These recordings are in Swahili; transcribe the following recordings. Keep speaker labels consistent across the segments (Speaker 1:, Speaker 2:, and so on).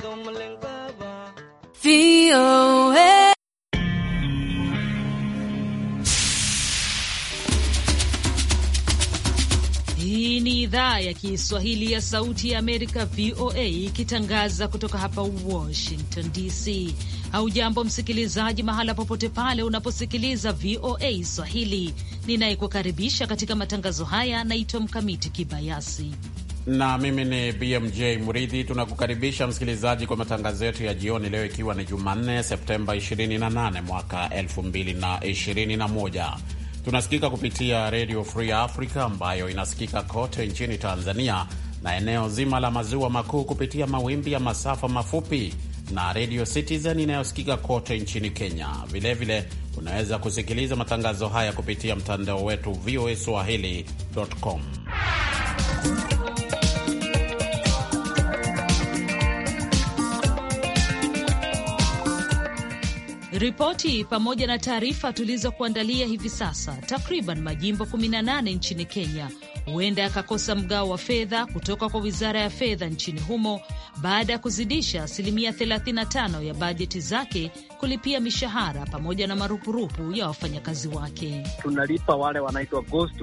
Speaker 1: Hii
Speaker 2: ni idhaa ya Kiswahili ya Sauti ya Amerika, VOA, ikitangaza kutoka hapa Washington DC. Haujambo msikilizaji, mahala popote pale unaposikiliza VOA Swahili. Ninayekukaribisha katika matangazo haya naitwa Mkamiti Kibayasi
Speaker 3: na mimi ni BMJ Mridhi. Tunakukaribisha msikilizaji kwa matangazo yetu ya jioni leo, ikiwa ni Jumanne Septemba 28 mwaka 2021. Tunasikika kupitia redio Free Africa ambayo inasikika kote nchini Tanzania na eneo zima la maziwa makuu kupitia mawimbi ya masafa mafupi na redio Citizen inayosikika kote nchini Kenya. Vilevile vile, unaweza kusikiliza matangazo haya kupitia mtandao wetu voa swahili.com.
Speaker 2: Ripoti pamoja na taarifa tulizokuandalia hivi sasa, takriban majimbo 18 nchini Kenya huenda yakakosa mgao wa fedha kutoka kwa wizara ya fedha nchini humo baada ya kuzidisha asilimia 35 ya bajeti zake kulipia mishahara pamoja na marupurupu ya wafanyakazi wake.
Speaker 4: Tunalipa wale wanaitwa ghost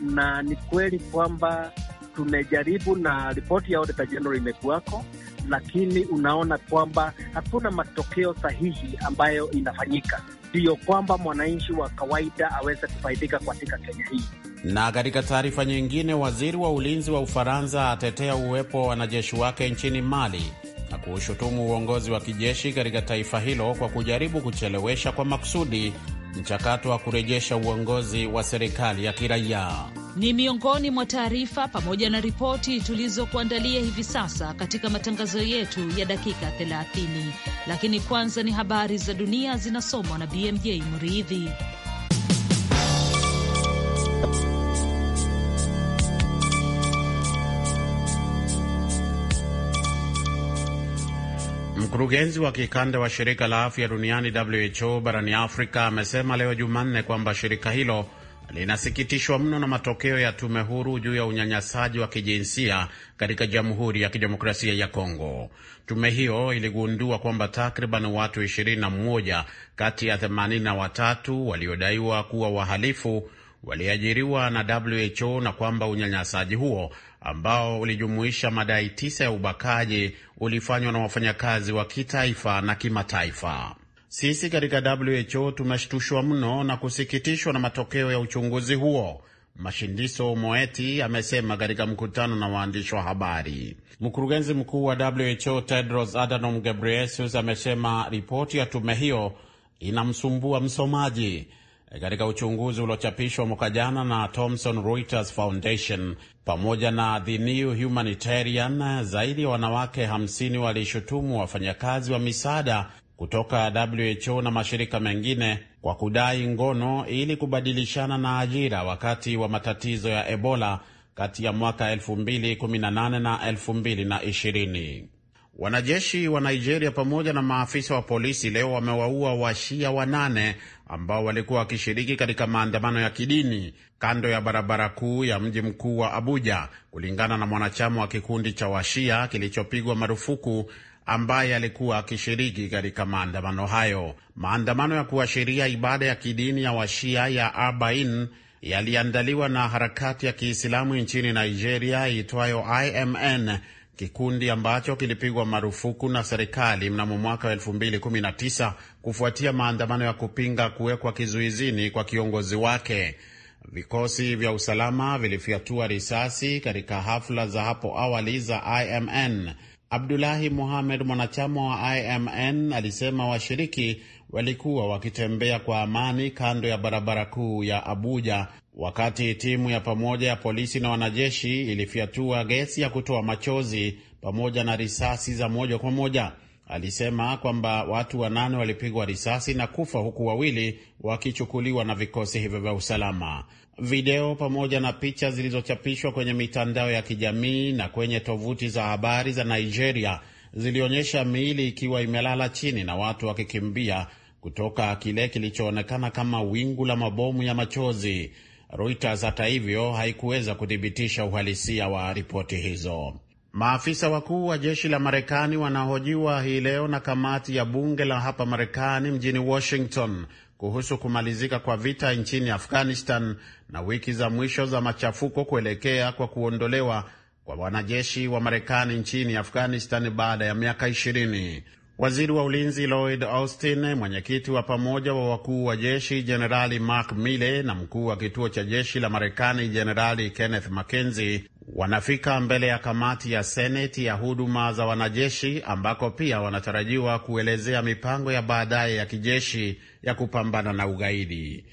Speaker 4: na ni kweli kwamba tumejaribu na ripoti ya Auditor General imekuwako lakini unaona kwamba hakuna matokeo sahihi ambayo inafanyika, ndiyo kwamba mwananchi wa kawaida aweze kufaidika katika Kenya hii.
Speaker 3: Na katika taarifa nyingine, waziri wa ulinzi wa Ufaransa atetea uwepo wa wanajeshi wake nchini Mali na kuushutumu uongozi wa kijeshi katika taifa hilo kwa kujaribu kuchelewesha kwa makusudi mchakato wa kurejesha uongozi wa serikali ya kiraia
Speaker 2: ni miongoni mwa taarifa pamoja na ripoti tulizokuandalia hivi sasa katika matangazo yetu ya dakika 30, lakini kwanza ni habari za dunia zinasomwa na BMJ Muridhi.
Speaker 3: Mkurugenzi wa kikanda wa shirika la afya duniani WHO barani Afrika amesema leo Jumanne kwamba shirika hilo linasikitishwa mno na matokeo ya tume huru juu ya unyanyasaji wa kijinsia katika Jamhuri ya Kidemokrasia ya Kongo. Tume hiyo iligundua kwamba takriban watu 21 kati ya 83 waliodaiwa kuwa wahalifu waliajiriwa na WHO na kwamba unyanyasaji huo ambao ulijumuisha madai tisa ya ubakaji ulifanywa na wafanyakazi wa kitaifa na kimataifa. Sisi katika WHO tumeshtushwa mno na kusikitishwa na matokeo ya uchunguzi huo, Mashindiso Moeti amesema katika mkutano na waandishi wa habari. Mkurugenzi mkuu wa WHO Tedros Adhanom Ghebreyesus amesema ripoti ya tume hiyo inamsumbua msomaji. E, katika uchunguzi uliochapishwa mwaka jana na Thomson Reuters Foundation pamoja na The New Humanitarian, zaidi ya wanawake 50 walishutumu wafanyakazi wa misaada kutoka WHO na mashirika mengine kwa kudai ngono ili kubadilishana na ajira wakati wa matatizo ya Ebola kati ya mwaka 2018 na 2020. Wanajeshi wa Nigeria pamoja na maafisa wa polisi leo wamewaua washia wanane ambao walikuwa wakishiriki katika maandamano ya kidini kando ya barabara kuu ya mji mkuu wa Abuja, kulingana na mwanachama wa kikundi cha washia kilichopigwa marufuku ambaye alikuwa akishiriki katika maandamano hayo. Maandamano ya kuashiria ibada ya kidini ya Washia ya Abain yaliandaliwa na harakati ya Kiislamu nchini Nigeria iitwayo IMN, kikundi ambacho kilipigwa marufuku na serikali mnamo mwaka 2019 kufuatia maandamano ya kupinga kuwekwa kizuizini kwa kiongozi wake. Vikosi vya usalama vilifyatua risasi katika hafla za hapo awali za IMN. Abdulahi muhamed mwanachama wa IMN, alisema washiriki walikuwa wakitembea kwa amani kando ya barabara kuu ya Abuja wakati timu ya pamoja ya polisi na wanajeshi ilifyatua gesi ya kutoa machozi pamoja na risasi za moja kwa moja. Alisema kwamba watu wanane walipigwa risasi na kufa huku wawili wakichukuliwa na vikosi hivyo vya usalama. Video pamoja na picha zilizochapishwa kwenye mitandao ya kijamii na kwenye tovuti za habari za Nigeria zilionyesha miili ikiwa imelala chini na watu wakikimbia kutoka kile kilichoonekana kama wingu la mabomu ya machozi. Reuters hata hivyo haikuweza kuthibitisha uhalisia wa ripoti hizo. Maafisa wakuu wa jeshi la Marekani wanahojiwa hii leo na kamati ya bunge la hapa Marekani mjini Washington kuhusu kumalizika kwa vita nchini Afghanistan na wiki za mwisho za machafuko kuelekea kwa kuondolewa kwa wanajeshi wa Marekani nchini Afghanistan baada ya miaka ishirini. Waziri wa ulinzi Lloyd Austin, mwenyekiti wa pamoja wa wakuu wa jeshi Jenerali Mark Milley na mkuu wa kituo cha jeshi la Marekani Jenerali Kenneth McKenzie wanafika mbele ya kamati ya Seneti ya huduma za wanajeshi ambako pia wanatarajiwa kuelezea mipango ya baadaye ya kijeshi ya kupambana na ugaidi.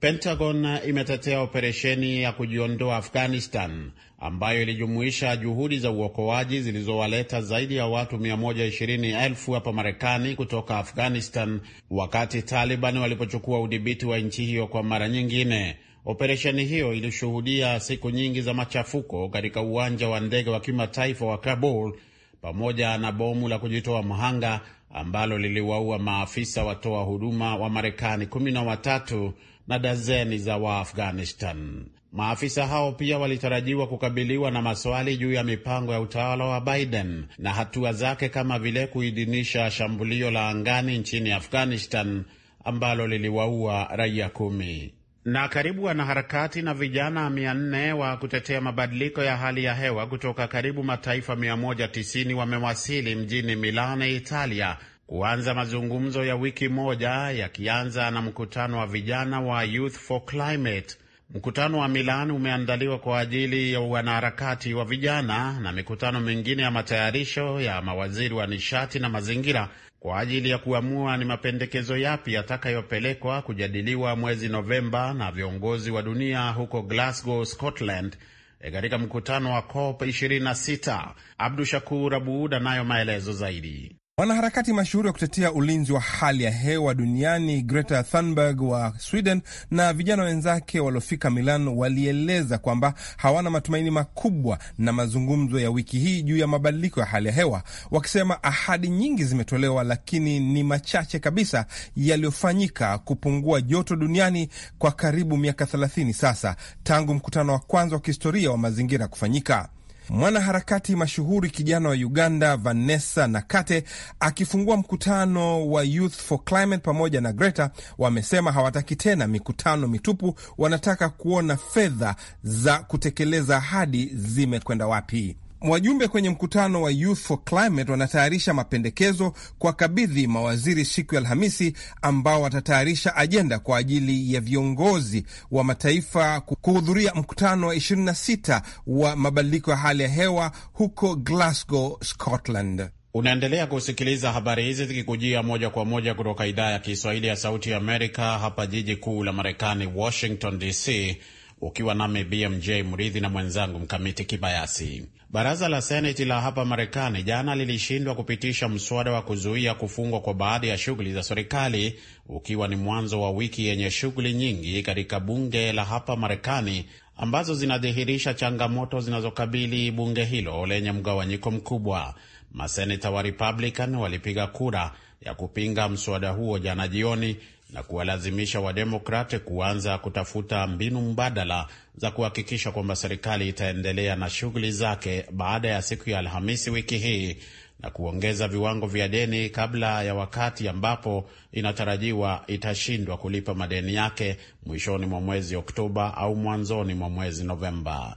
Speaker 3: Pentagon imetetea operesheni ya kujiondoa Afghanistan ambayo ilijumuisha juhudi za uokoaji zilizowaleta zaidi ya watu 120,000 hapa Marekani kutoka Afghanistan wakati Taliban walipochukua udhibiti wa nchi hiyo kwa mara nyingine. Operesheni hiyo ilishuhudia siku nyingi za machafuko katika uwanja wa ndege wa kimataifa wa Kabul pamoja na bomu la kujitoa mhanga ambalo liliwaua maafisa watoa huduma wa Marekani kumi na watatu na dazeni za Waafghanistan. Maafisa hao pia walitarajiwa kukabiliwa na maswali juu ya mipango ya utawala wa Biden na hatua zake kama vile kuidhinisha shambulio la angani nchini Afghanistan ambalo liliwaua raia kumi. Na karibu wanaharakati na vijana 400 wa kutetea mabadiliko ya hali ya hewa kutoka karibu mataifa 190 wamewasili mjini Milane, Italia kuanza mazungumzo ya wiki moja yakianza na mkutano wa vijana wa Youth for Climate. Mkutano wa Milan umeandaliwa kwa ajili ya wanaharakati wa vijana na mikutano mingine ya matayarisho ya mawaziri wa nishati na mazingira kwa ajili ya kuamua ni mapendekezo yapi yatakayopelekwa kujadiliwa mwezi Novemba na viongozi wa dunia huko Glasgow, Scotland eh, katika mkutano wa COP 26. Abdu Shakur Abud anayo maelezo zaidi
Speaker 5: wanaharakati mashuhuri wa kutetea ulinzi wa hali ya hewa duniani Greta Thunberg wa Sweden na vijana wenzake waliofika Milan walieleza kwamba hawana matumaini makubwa na mazungumzo ya wiki hii juu ya mabadiliko ya hali ya hewa, wakisema ahadi nyingi zimetolewa, lakini ni machache kabisa yaliyofanyika kupungua joto duniani kwa karibu miaka 30 sasa tangu mkutano wa kwanza wa kihistoria wa mazingira kufanyika. Mwanaharakati mashuhuri kijana wa Uganda Vanessa Nakate akifungua mkutano wa Youth for Climate pamoja na Greta wamesema hawataki tena mikutano mitupu, wanataka kuona fedha za kutekeleza ahadi zimekwenda wapi. Wajumbe kwenye mkutano wa Youth for Climate wanatayarisha mapendekezo kwa kabidhi mawaziri siku ya Alhamisi, ambao watatayarisha ajenda kwa ajili ya viongozi wa mataifa kuhudhuria mkutano wa 26 wa mabadiliko ya hali ya hewa huko Glasgow, Scotland.
Speaker 3: Unaendelea kusikiliza habari hizi zikikujia moja kwa moja kutoka idhaa ya Kiswahili ya Sauti ya Amerika, hapa jiji kuu la Marekani, Washington DC ukiwa nami BMJ Mridhi na mwenzangu Mkamiti Kibayasi. Baraza la Seneti la hapa Marekani jana lilishindwa kupitisha mswada wa kuzuia kufungwa kwa baadhi ya shughuli za serikali, ukiwa ni mwanzo wa wiki yenye shughuli nyingi katika bunge la hapa Marekani ambazo zinadhihirisha changamoto zinazokabili bunge hilo lenye mgawanyiko mkubwa. Maseneta wa Republican walipiga kura ya kupinga mswada huo jana jioni na kuwalazimisha Wademokrati kuanza kutafuta mbinu mbadala za kuhakikisha kwamba serikali itaendelea na shughuli zake baada ya siku ya Alhamisi wiki hii na kuongeza viwango vya deni kabla ya wakati ambapo inatarajiwa itashindwa kulipa madeni yake mwishoni mwa mwezi Oktoba au mwanzoni mwa mwezi Novemba.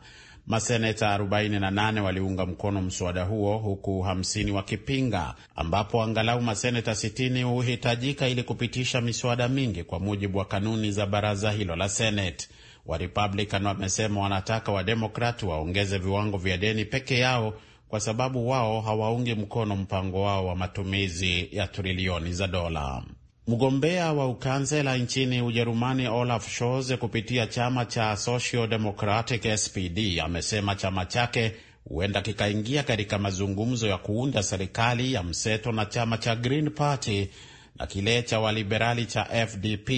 Speaker 3: Maseneta 48 waliunga mkono mswada huo huku 50 wakipinga, ambapo angalau maseneta 60 huhitajika ili kupitisha miswada mingi kwa mujibu wa kanuni za baraza hilo la Senate. Warepublican wamesema wanataka Wademokrat waongeze viwango vya deni peke yao kwa sababu wao hawaungi mkono mpango wao wa matumizi ya trilioni za dola. Mgombea wa ukansela nchini Ujerumani Olaf Scholz kupitia chama cha Social Democratic SPD amesema chama chake huenda kikaingia katika mazungumzo ya kuunda serikali ya mseto na chama cha Green Party na kile cha waliberali cha FDP.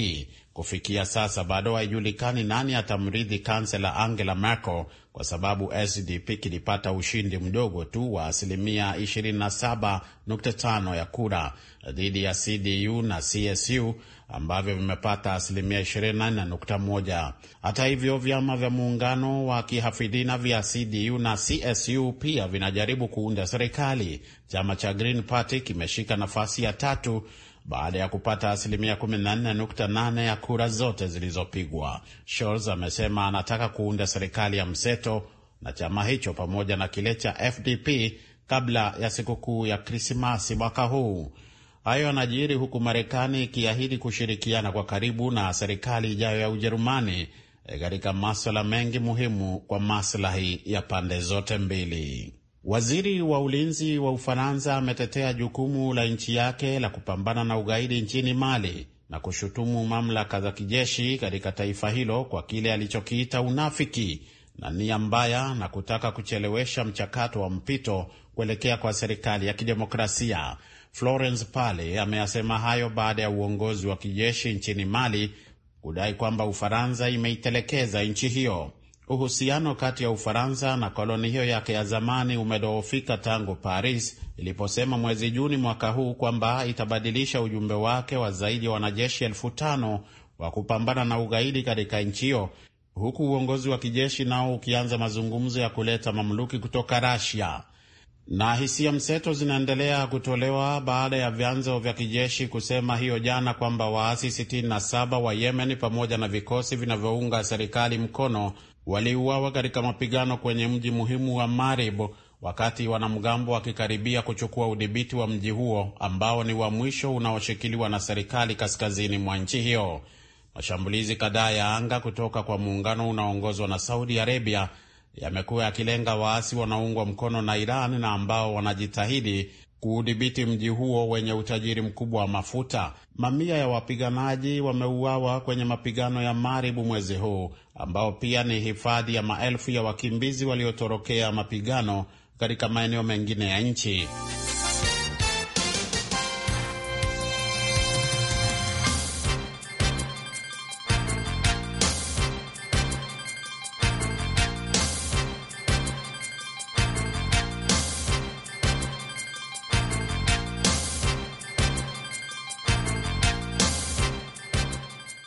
Speaker 3: Kufikia sasa bado haijulikani nani atamrithi kansela Angela Merkel kwa sababu SDP kilipata ushindi mdogo tu wa asilimia 27.5 ya kura dhidi ya CDU na CSU ambavyo vimepata asilimia 24.1. Hata hivyo, vyama vya muungano wa kihafidhina vya CDU na CSU pia vinajaribu kuunda serikali. Chama cha Green Party kimeshika nafasi ya tatu baada ya kupata asilimia 14.8 ya kura zote zilizopigwa. Scholz amesema anataka kuunda serikali ya mseto na chama hicho pamoja na kile cha FDP kabla ya sikukuu ya Krismasi mwaka huu. Hayo yanajiri huku Marekani ikiahidi kushirikiana kwa karibu na serikali ijayo ya Ujerumani eh, katika maswala mengi muhimu kwa maslahi ya pande zote mbili. Waziri wa ulinzi wa Ufaransa ametetea jukumu la nchi yake la kupambana na ugaidi nchini Mali na kushutumu mamlaka za kijeshi katika taifa hilo kwa kile alichokiita unafiki na nia mbaya na kutaka kuchelewesha mchakato wa mpito kuelekea kwa serikali ya kidemokrasia. Florence Pale ameyasema hayo baada ya uongozi wa kijeshi nchini Mali kudai kwamba Ufaransa imeitelekeza nchi hiyo uhusiano kati ya Ufaransa na koloni hiyo yake ya zamani umedhoofika tangu Paris iliposema mwezi Juni mwaka huu kwamba itabadilisha ujumbe wake wa zaidi ya wanajeshi elfu tano wa kupambana na ugaidi katika nchi hiyo, huku uongozi wa kijeshi nao ukianza mazungumzo ya kuleta mamluki kutoka Rasia. Na hisia mseto zinaendelea kutolewa baada ya vyanzo vya kijeshi kusema hiyo jana kwamba waasi 67 wa Yemen pamoja na vikosi vinavyounga serikali mkono waliuawa katika mapigano kwenye mji muhimu wa marib wakati wanamgambo wakikaribia kuchukua udhibiti wa mji huo ambao ni wa mwisho unaoshikiliwa na serikali kaskazini mwa nchi hiyo. Mashambulizi kadhaa ya anga kutoka kwa muungano unaoongozwa na Saudi Arabia yamekuwa yakilenga waasi wanaoungwa mkono na Iran na ambao wanajitahidi kuudhibiti mji huo wenye utajiri mkubwa wa mafuta. Mamia ya wapiganaji wameuawa kwenye mapigano ya Maribu mwezi huu, ambao pia ni hifadhi ya maelfu ya wakimbizi waliotorokea mapigano katika maeneo mengine ya nchi.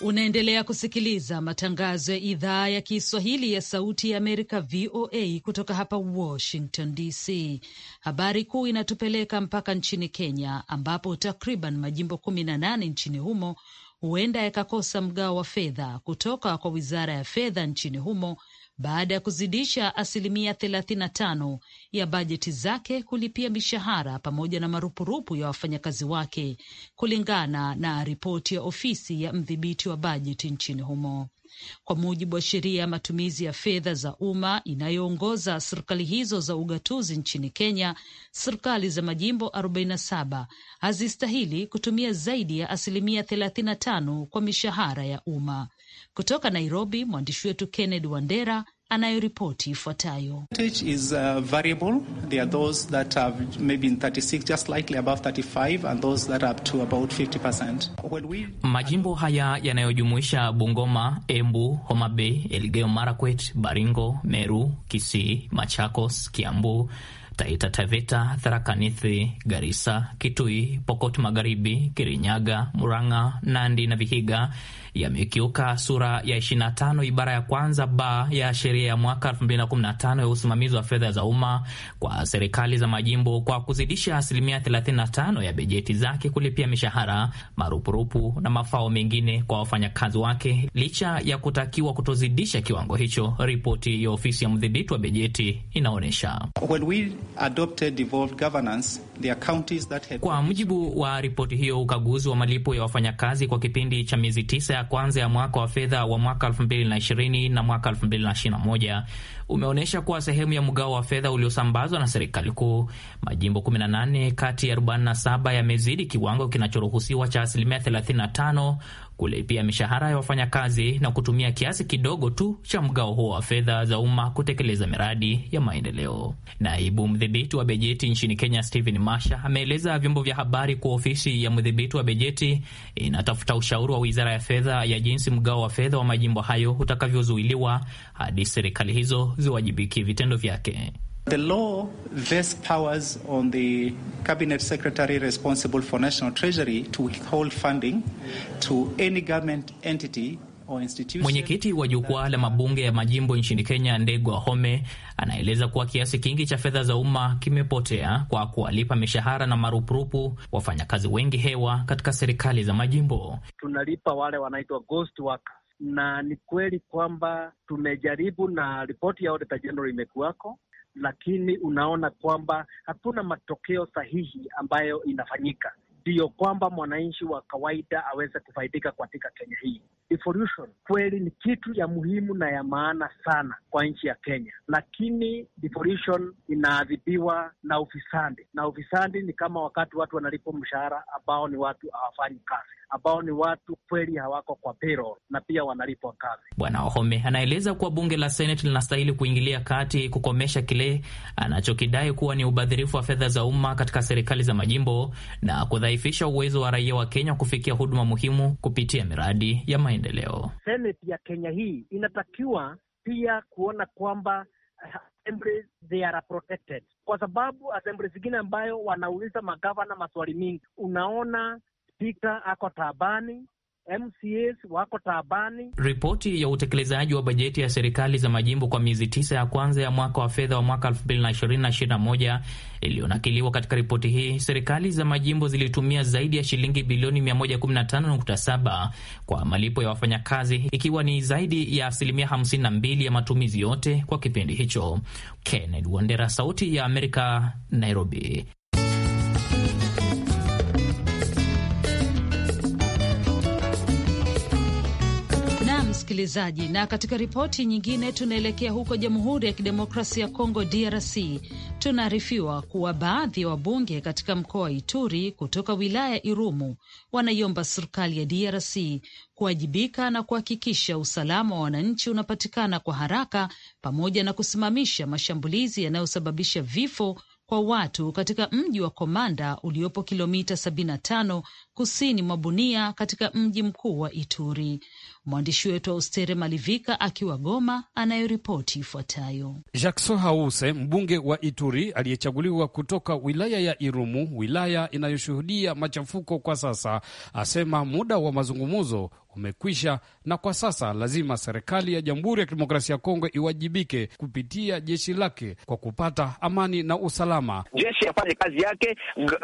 Speaker 2: Unaendelea kusikiliza matangazo ya idhaa ya Kiswahili ya Sauti ya Amerika, VOA, kutoka hapa Washington DC. Habari kuu inatupeleka mpaka nchini Kenya, ambapo takriban majimbo kumi na nane nchini humo huenda yakakosa mgao wa fedha kutoka kwa wizara ya fedha nchini humo baada ya kuzidisha asilimia 35 ya bajeti zake kulipia mishahara pamoja na marupurupu ya wafanyakazi wake, kulingana na ripoti ya ofisi ya mdhibiti wa bajeti nchini humo kwa mujibu wa sheria ya matumizi ya fedha za umma inayoongoza serikali hizo za ugatuzi nchini Kenya, serikali za majimbo 47 hazistahili kutumia zaidi ya asilimia 35 kwa mishahara ya umma. Kutoka Nairobi, mwandishi wetu Kennedy Wandera anayoripoti
Speaker 1: ifuatayo. Majimbo haya yanayojumuisha Bungoma, Embu, Homa Bay, Elgeyo Marakwet, Baringo, Meru, Kisii, Machakos, Kiambu, Taita Taveta, Tharaka Nithi, Garissa, Kitui, Pokot Magharibi, Kirinyaga, Murang'a, Nandi na Vihiga yamekiuka sura ya 25 ibara ya kwanza ba ya sheria ya mwaka 2015 ya usimamizi wa fedha za umma kwa serikali za majimbo kwa kuzidisha asilimia 35 ya bajeti zake kulipia mishahara, marupurupu na mafao mengine kwa wafanyakazi wake, licha ya kutakiwa kutozidisha kiwango hicho. Ripoti ya ofisi ya mdhibiti wa
Speaker 5: bajeti inaonyesha kwa mujibu
Speaker 1: wa ripoti hiyo, ukaguzi wa malipo ya wafanyakazi kwa kipindi cha miezi tisa kwanza ya mwaka wa fedha wa mwaka 2020 na mwaka 2021 umeonyesha kuwa sehemu ya mgao wa fedha uliosambazwa na serikali kuu, majimbo 18 kati ya 47 yamezidi kiwango kinachoruhusiwa cha asilimia 35 kulipia mishahara ya wafanyakazi na kutumia kiasi kidogo tu cha mgao huo wa fedha za umma kutekeleza miradi ya maendeleo. Naibu mdhibiti wa bejeti nchini Kenya, Stephen Masha, ameeleza vyombo vya habari kuwa ofisi ya mdhibiti wa bejeti inatafuta ushauri wa wizara ya fedha ya jinsi mgao wa fedha wa majimbo hayo utakavyozuiliwa hadi serikali hizo ziwajibiki vitendo vyake.
Speaker 5: The law vests powers on the cabinet secretary responsible for national treasury to withhold funding to any government entity or institution.
Speaker 1: Mwenyekiti wa jukwaa la mabunge ya majimbo nchini Kenya, Ndegwa Wahome, anaeleza kuwa kiasi kingi cha fedha za umma kimepotea kwa kuwalipa mishahara na marupurupu wafanyakazi wengi hewa katika serikali za majimbo.
Speaker 4: Tunalipa wale wanaitwa ghost workers, na ni kweli kwamba tumejaribu na ripoti ya Auditor General imekuwako lakini unaona kwamba hakuna matokeo sahihi ambayo inafanyika, ndiyo kwamba mwananchi wa kawaida aweze kufaidika katika Kenya hii devolution kweli ni kitu ya muhimu na ya maana sana kwa nchi ya Kenya, lakini devolution inaadhibiwa na ufisadi, na ufisadi ni kama wakati watu wanalipwa mshahara ambao ni watu hawafanyi kazi, ambao ni watu kweli hawako kwa payroll na pia wanalipwa kazi.
Speaker 1: Bwana Ohome anaeleza kuwa bunge la Senate linastahili kuingilia kati kukomesha kile anachokidai kuwa ni ubadhirifu wa fedha za umma katika serikali za majimbo na kudhaifisha uwezo wa raia wa Kenya kufikia huduma muhimu kupitia miradi ya maendeleo maendeleo.
Speaker 4: Senate ya Kenya hii inatakiwa pia kuona kwamba eh, assemblies they are protected, kwa sababu assemblies zingine ambayo wanauliza magavana maswali mingi, unaona spika ako taabani MCAs wako taabani.
Speaker 1: Ripoti ya utekelezaji wa bajeti ya serikali za majimbo kwa miezi tisa ya kwanza ya mwaka wa fedha wa mwaka 2020/2021 iliyonakiliwa katika ripoti hii, serikali za majimbo zilitumia zaidi ya shilingi bilioni 115.7 kwa malipo ya wafanyakazi, ikiwa ni zaidi ya asilimia 52 ya matumizi yote kwa kipindi hicho. Kenneth Wandera, Sauti ya Amerika, Nairobi.
Speaker 2: msikilizaji. Na katika ripoti nyingine, tunaelekea huko Jamhuri ya Kidemokrasia ya Kongo, DRC. Tunaarifiwa kuwa baadhi ya wabunge katika mkoa wa Ituri kutoka wilaya ya Irumu wanaiomba serikali ya DRC kuwajibika na kuhakikisha usalama wa wananchi unapatikana kwa haraka pamoja na kusimamisha mashambulizi yanayosababisha vifo kwa watu katika mji wa Komanda uliopo kilomita 75 kusini mwa Bunia, katika mji mkuu wa Ituri. Mwandishi wetu wa Ustere Malivika akiwa Goma anayoripoti ifuatayo.
Speaker 6: Jackson Hause, mbunge wa Ituri aliyechaguliwa kutoka wilaya ya Irumu, wilaya inayoshuhudia machafuko kwa sasa, asema muda wa mazungumzo umekwisha na kwa sasa lazima serikali ya Jamhuri ya Kidemokrasia ya Kongo iwajibike kupitia jeshi lake kwa kupata amani na usalama.
Speaker 4: Jeshi afanye kazi yake,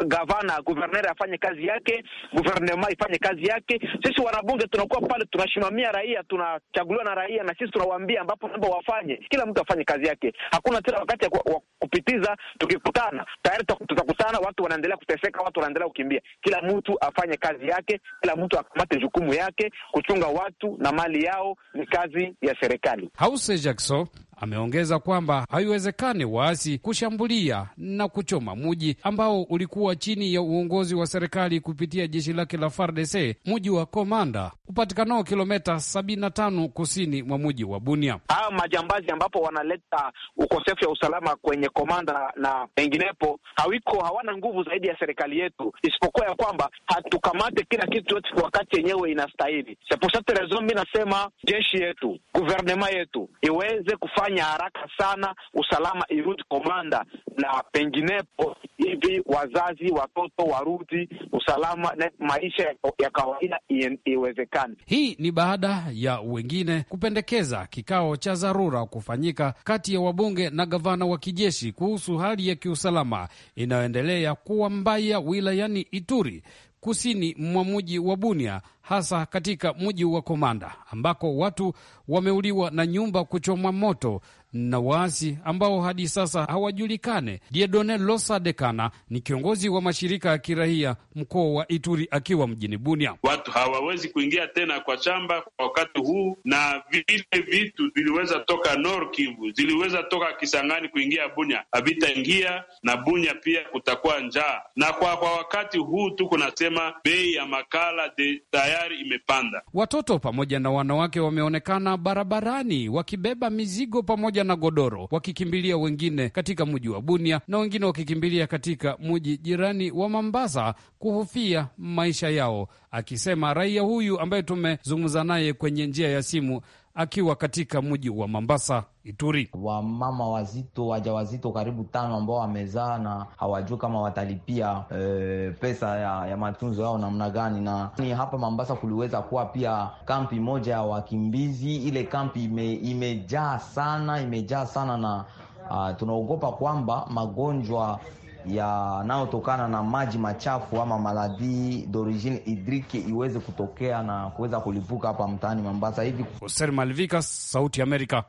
Speaker 4: gavana guverner afanye kazi yake, guvernema ifanye kazi yake. Sisi wanabunge tunakuwa pale, tunasimamia raia, tunachaguliwa na raia, na sisi tunawaambia ambapo namba wafanye, kila mtu afanye kazi yake. Hakuna tena wakati wa kupitiza. Tukikutana tayari tutakutana, watu wanaendelea kuteseka, watu wanaendelea kukimbia. Kila mtu afanye kazi yake, kila mtu akamate jukumu yake. Kuchunga watu na mali yao ni kazi ya serikali.
Speaker 6: Hause Jackson Ameongeza kwamba haiwezekani waasi kushambulia na kuchoma muji ambao ulikuwa chini ya uongozi wa serikali kupitia jeshi lake la FARDC, muji wa Komanda upatikanao kilometa 75 kusini mwa muji wa Bunia. haya majambazi ambapo
Speaker 4: wanaleta ukosefu wa usalama kwenye Komanda na penginepo, hawiko hawana nguvu zaidi ya serikali yetu, isipokuwa ya kwamba hatukamate kila kitu yote kwa wakati yenyewe inastahili. Seposate rezo, mi nasema jeshi yetu, guvernema yetu iweze kufanya kufanya haraka sana usalama irudi komanda, na penginepo hivi wazazi watoto warudi usalama na maisha ya kawaida iwezekane.
Speaker 6: Hii ni baada ya wengine kupendekeza kikao cha dharura kufanyika kati ya wabunge na gavana wa kijeshi kuhusu hali ya kiusalama inayoendelea kuwa mbaya wilayani Ituri kusini mwa mji wa Bunia, hasa katika mji wa Komanda ambako watu wameuliwa na nyumba kuchomwa moto na waasi ambao hadi sasa hawajulikane. Diedone Losa Dekana ni kiongozi wa mashirika ya kirahia mkoa wa Ituri akiwa mjini Bunia.
Speaker 5: Watu hawawezi kuingia tena kwa shamba kwa wakati huu, na vile vitu viliweza toka Nord Kivu, ziliweza toka Kisangani kuingia Bunia havitaingia, na Bunia pia kutakuwa njaa. Na kwa, kwa wakati huu tu kunasema bei ya makala de tayari imepanda.
Speaker 6: Watoto pamoja na wanawake wameonekana barabarani wakibeba mizigo pamoja pamoja na godoro, wakikimbilia wengine katika mji wa Bunia na wengine wakikimbilia katika mji jirani wa mambasa kuhofia maisha yao, akisema raia huyu ambaye tumezungumza naye kwenye njia ya simu akiwa katika mji wa Mombasa, Ituri. Wamama
Speaker 1: wazito wajawazito karibu tano ambao wamezaa na hawajui kama watalipia e, pesa ya, ya matunzo yao namna gani. Na ni hapa Mombasa kuliweza kuwa pia kampi moja ya wakimbizi. Ile kampi ime, imejaa sana imejaa sana na uh, tunaogopa kwamba magonjwa yanayotokana na maji machafu ama maradhi d'origine hidrike iweze kutokea na kuweza kulipuka hapa mtaani Mombasa hivi.
Speaker 6: Hoser Malvika, Sauti ya Amerika.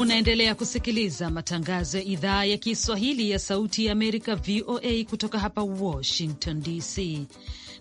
Speaker 2: Unaendelea kusikiliza matangazo ya idhaa ya Kiswahili ya Sauti ya Amerika, VOA, kutoka hapa Washington DC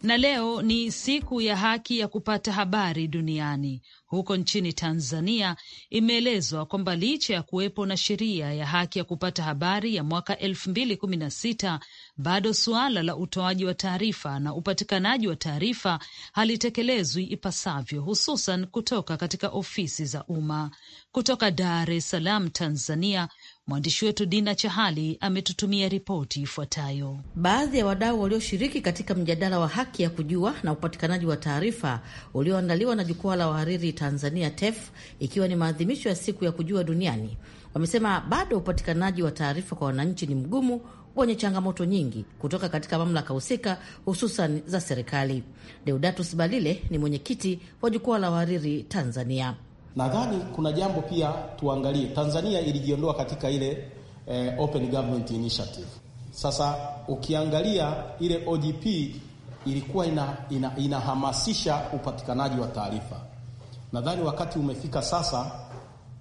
Speaker 2: na leo ni siku ya haki ya kupata habari duniani. Huko nchini Tanzania imeelezwa kwamba licha ya kuwepo na sheria ya haki ya kupata habari ya mwaka elfu mbili kumi na sita bado suala la utoaji wa taarifa na upatikanaji wa taarifa halitekelezwi ipasavyo, hususan kutoka katika ofisi za umma. Kutoka Dar es Salaam, Tanzania,
Speaker 7: Mwandishi wetu Dina Chahali ametutumia ripoti ifuatayo. Baadhi ya wadau walioshiriki katika mjadala wa haki ya kujua na upatikanaji wa taarifa ulioandaliwa na jukwaa la wahariri Tanzania TEF, ikiwa ni maadhimisho ya siku ya kujua duniani, wamesema bado upatikanaji wa taarifa kwa wananchi ni mgumu wenye changamoto nyingi kutoka katika mamlaka husika hususan za serikali. deudatus Balile ni mwenyekiti wa jukwaa la wahariri
Speaker 3: Tanzania. Nadhani kuna jambo pia tuangalie. Tanzania ilijiondoa katika
Speaker 5: ile eh, Open Government Initiative. Sasa ukiangalia ile OGP ilikuwa ina, ina, inahamasisha upatikanaji wa taarifa. Nadhani wakati umefika sasa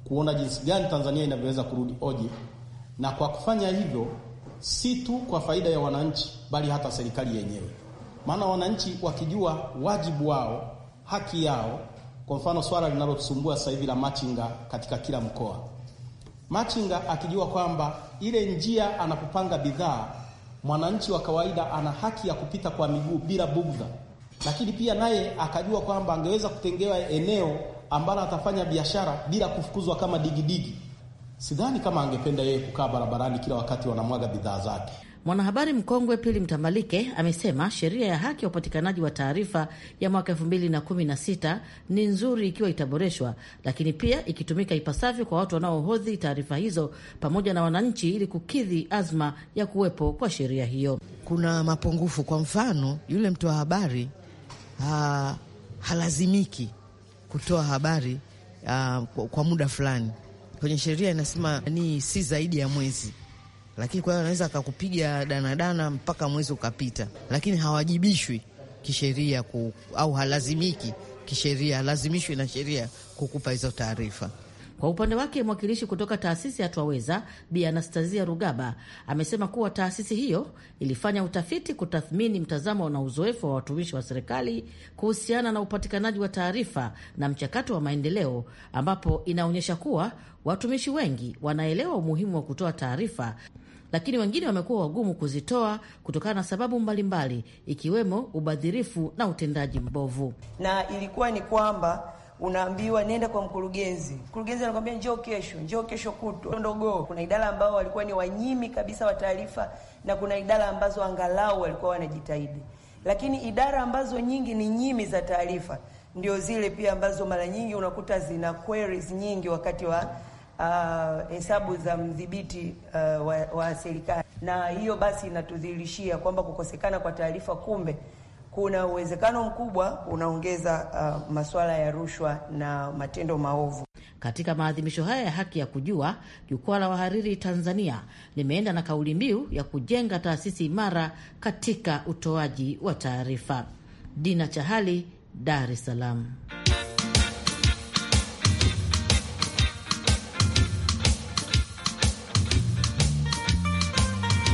Speaker 5: kuona jinsi gani Tanzania inavyoweza kurudi OGP,
Speaker 3: na kwa kufanya hivyo si tu kwa faida ya wananchi, bali hata serikali
Speaker 5: yenyewe, maana wananchi wakijua wajibu wao, haki yao kwa mfano swala linalotusumbua sasa hivi la machinga katika kila mkoa, machinga akijua kwamba ile njia anapopanga bidhaa, mwananchi wa kawaida ana haki ya kupita kwa miguu bila bugdha, lakini pia naye akajua kwamba angeweza kutengewa eneo ambalo atafanya biashara bila kufukuzwa kama digidigi. Sidhani kama angependa
Speaker 3: yeye kukaa barabarani kila wakati wanamwaga bidhaa zake. Mwanahabari mkongwe Pili Mtambalike
Speaker 7: amesema sheria ya haki ya upatikanaji wa taarifa ya mwaka elfu mbili na kumi na sita ni nzuri ikiwa itaboreshwa, lakini pia ikitumika ipasavyo kwa watu wanaohodhi taarifa hizo pamoja na wananchi, ili kukidhi azma ya kuwepo kwa sheria hiyo. Kuna mapungufu. Kwa mfano, yule mtu wa habari ha, ah, halazimiki kutoa habari ha, ah, kwa muda fulani. Kwenye sheria inasema ni si zaidi ya mwezi lakini kwa hiyo anaweza akakupiga danadana mpaka mwezi ukapita, lakini hawajibishwi kisheria ku, au halazimiki kisheria, halazimishwi na sheria kukupa hizo taarifa. Kwa upande wake mwakilishi kutoka taasisi ya Twaweza Bi Anastazia Rugaba amesema kuwa taasisi hiyo ilifanya utafiti kutathmini mtazamo na uzoefu wa watumishi wa serikali kuhusiana na upatikanaji wa taarifa na mchakato wa maendeleo, ambapo inaonyesha kuwa watumishi wengi wanaelewa umuhimu wa kutoa taarifa lakini wengine wamekuwa wagumu kuzitoa kutokana na sababu mbalimbali mbali, ikiwemo ubadhirifu na utendaji mbovu.
Speaker 8: Na ilikuwa ni kwamba unaambiwa nenda kwa mkurugenzi, mkurugenzi anakwambia njoo kesho, njoo kesho kutwa ndogo. Kuna idara ambao walikuwa ni wanyimi kabisa wa taarifa, na kuna idara ambazo angalau walikuwa wanajitahidi, lakini idara ambazo nyingi ni nyimi za taarifa ndio zile pia ambazo mara nyingi unakuta zina queries nyingi wakati wa Uh, hesabu uh, za mdhibiti uh, wa, wa serikali, na hiyo basi inatudhihirishia kwamba kukosekana kwa taarifa kumbe kuna uwezekano mkubwa unaongeza uh, masuala ya rushwa
Speaker 7: na matendo maovu. Katika maadhimisho haya ya haki ya kujua, jukwaa la wahariri Tanzania limeenda na kauli mbiu ya kujenga taasisi imara katika utoaji wa taarifa. Dina Chahali, Dar es Salaam.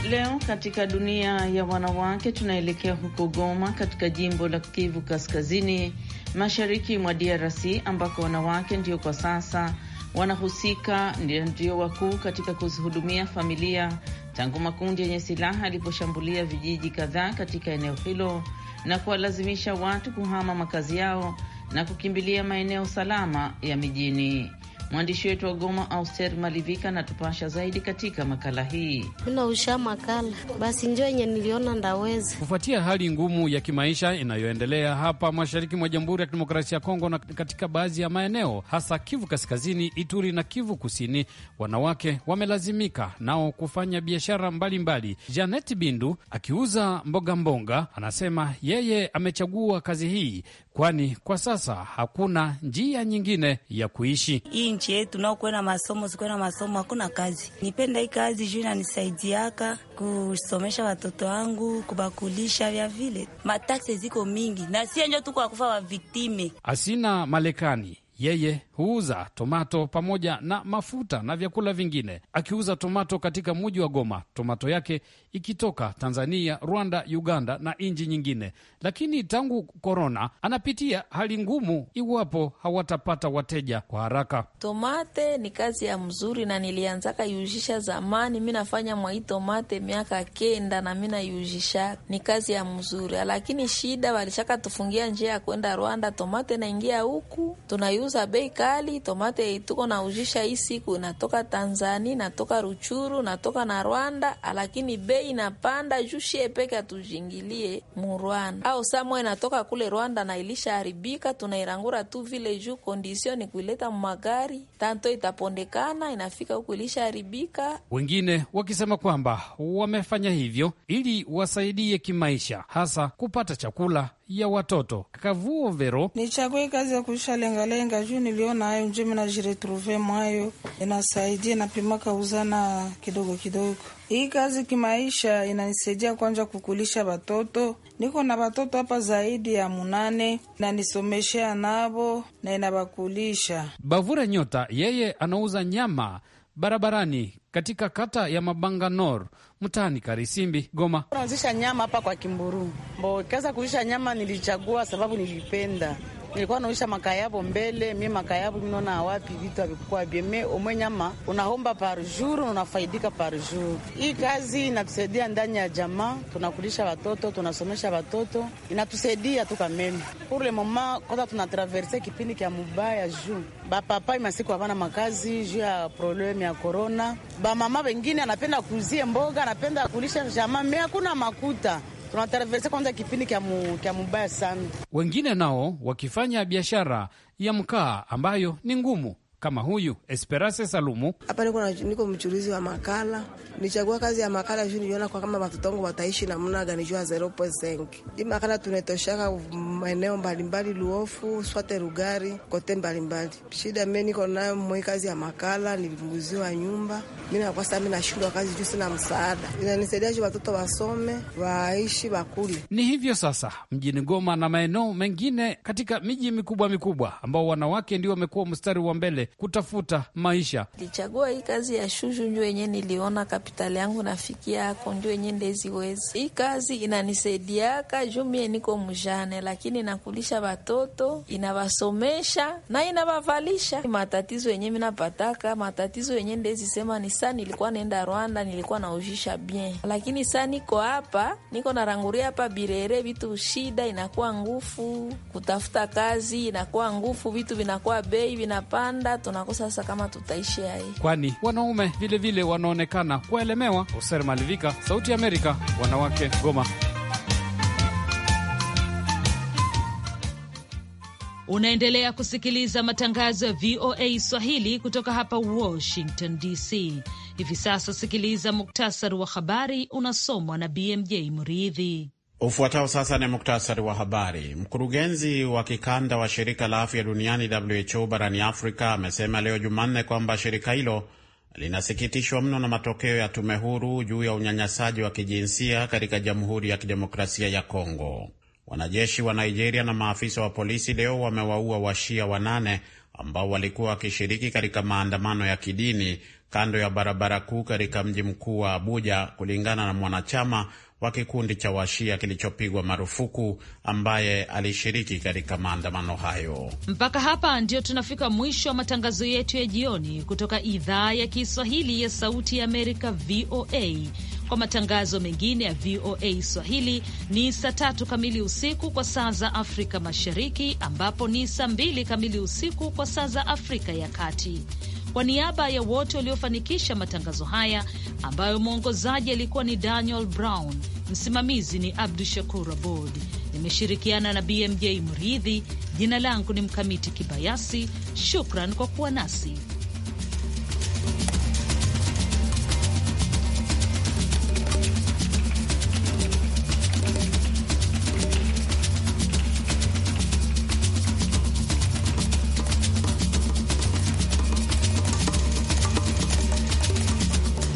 Speaker 7: Leo katika dunia ya wanawake tunaelekea huko Goma katika jimbo la Kivu Kaskazini, mashariki mwa DRC ambako wanawake ndio kwa sasa wanahusika ndio wakuu katika kuzihudumia familia tangu makundi yenye silaha yaliposhambulia vijiji kadhaa katika eneo hilo na kuwalazimisha watu kuhama makazi yao na kukimbilia maeneo salama ya mijini. Mwandishi wetu wa Goma, Auster Malivika, anatupasha zaidi katika makala hii. Minausha makala basi njo yenye niliona ndaweza.
Speaker 6: Kufuatia hali ngumu ya kimaisha inayoendelea hapa mashariki mwa Jamhuri ya Kidemokrasia ya Kongo na katika baadhi ya maeneo hasa Kivu Kaskazini, Ituri na Kivu Kusini, wanawake wamelazimika nao kufanya biashara mbalimbali. Janet Bindu akiuza mbogamboga mboga, anasema yeye amechagua kazi hii kwani kwa sasa hakuna njia nyingine ya kuishi hii nchi yetu. Nao kuwe na masomo, sikuwe na masomo, hakuna kazi. Nipenda
Speaker 8: hii kazi juu inanisaidiaka kusomesha watoto wangu, kubakulisha vya vile. Matakse ziko mingi na sienjo tuko wakufa wa viktime
Speaker 6: asina malekani yeye huuza tomato pamoja na mafuta na vyakula vingine, akiuza tomato katika muji wa Goma, tomato yake ikitoka Tanzania, Rwanda, Uganda na nchi nyingine. Lakini tangu korona anapitia hali ngumu, iwapo hawatapata wateja kwa haraka.
Speaker 8: Tomate ni kazi ya mzuri na nilianzaka iuzisha zamani, mi nafanya mwai tomate miaka kenda na mi naiuzisha, ni kazi ya mzuri, lakini shida walishaka tufungia njia ya kwenda Rwanda, tomate naingia huku tunaiuza bei ugali, tomate tuko ujisha hii siku natoka Tanzania, natoka Ruchuru, natoka na Rwanda, lakini bei inapanda juu shie peke atujingilie mu Rwanda au samwe natoka kule Rwanda na ilisha haribika, tunairangura tu vile juu ni kuileta magari tanto itapondekana, inafika huku ilisha haribika.
Speaker 6: Wengine wakisema kwamba wamefanya hivyo ili wasaidie kimaisha, hasa kupata chakula ya watoto. Kavuo Vero, nichague kazi ya kuisha lengalenga
Speaker 8: juu niliona hayo na jiretruve mwayo inasaidia, napimaka uzana kidogo kidogo. Hii kazi kimaisha inanisaidia kwanja kukulisha watoto. Niko na watoto hapa zaidi ya munane, nisomeshea navo na inabakulisha.
Speaker 6: Bavura Nyota yeye anauza nyama barabarani katika kata ya Mabanga Nor mtaani Karisimbi, Goma.
Speaker 7: Nauzisha nyama hapa kwa Kimburu mbo, kaza kuuzisha nyama nilichagua sababu nilipenda nilikuwa naisha makayabo mbele mie makayabo minaona wapi vitu avikuwa vyeme omwe nyama unahomba par jour unafaidika par jour. Hii kazi inatusaidia ndani ya jamaa, tunakulisha watoto, tunasomesha watoto, inatusaidia tu kameme pour le moment. Kwanza tunatraverse kipindi kya mubaya juu bapapa imasiku havana makazi juu ya problemu ya korona. Bamama wengine anapenda kuuzie mboga, anapenda kulisha jamaa, me hakuna makuta tunatraversa kwanza kipindi kya mubaya sana.
Speaker 6: Wengine nao wakifanya biashara ya mkaa ambayo ni ngumu kama huyu Esperase Salumu.
Speaker 7: Hapa niko niko mchuruzi wa makala, nichagua kazi ya makala juu niona kwa kama watoto wangu wataishi namna gani juu ya 0.5 hii makala tunetoshaka maeneo mbalimbali, Luofu, Swate, Rugari, kote mbalimbali. Shida mimi niko nayo mwe kazi ya makala, nilivunguziwa nyumba mimi na kwasa, mimi nashindwa kazi juu sina msaada, inanisaidia juu watoto wasome, waishi, wakule.
Speaker 6: Ni hivyo sasa mjini Goma na maeneo mengine katika miji mikubwa mikubwa ambao wanawake ndio wamekuwa mstari wa mbele kutafuta maisha.
Speaker 8: Nilichagua hii kazi ya shushu njuu yenye niliona kapitali yangu nafikia ako njo yenye ndeziwezi hii kazi inanisaidiaka juu mie niko mjane, lakini nakulisha watoto inawasomesha na inawavalisha. Matatizo yenye minapataka matatizo yenye ndezisema ni saa nilikuwa naenda Rwanda nilikuwa naujisha bien, lakini saa niko hapa niko naranguria hapa Birere vitu shida inakuwa ngufu, kutafuta kazi inakuwa ngufu, vitu vinakuwa bei vinapanda tunakosa sasa kama tutaishia hii,
Speaker 6: kwani wanaume vilevile wanaonekana kuelemewa. Oser Malivika, Sauti ya Amerika, wanawake Goma.
Speaker 2: Unaendelea kusikiliza matangazo ya VOA Swahili kutoka hapa Washington DC. Hivi sasa sikiliza muktasari wa habari unasomwa na BMJ Muridhi.
Speaker 3: Ufuatao sasa ni muktasari wa habari. Mkurugenzi wa kikanda wa shirika la afya duniani WHO barani Afrika amesema leo Jumanne kwamba shirika hilo linasikitishwa mno na matokeo ya tume huru juu ya unyanyasaji wa kijinsia katika Jamhuri ya Kidemokrasia ya Kongo. Wanajeshi wa Nigeria na maafisa wa polisi leo wamewaua washia wanane ambao walikuwa wakishiriki katika maandamano ya kidini kando ya barabara kuu katika mji mkuu wa Abuja, kulingana na mwanachama wa kikundi cha washia kilichopigwa marufuku ambaye alishiriki katika maandamano hayo.
Speaker 2: Mpaka hapa ndio tunafika mwisho wa matangazo yetu ya jioni kutoka idhaa ya Kiswahili ya Sauti ya Amerika, VOA. Kwa matangazo mengine ya VOA Swahili ni saa tatu kamili usiku kwa saa za Afrika Mashariki, ambapo ni saa mbili kamili usiku kwa saa za Afrika ya Kati. Kwa niaba ya wote waliofanikisha matangazo haya ambayo mwongozaji alikuwa ni Daniel Brown, msimamizi ni Abdu Shakur Abod, nimeshirikiana na BMJ Mridhi. Jina langu ni Mkamiti Kibayasi. Shukran kwa kuwa nasi.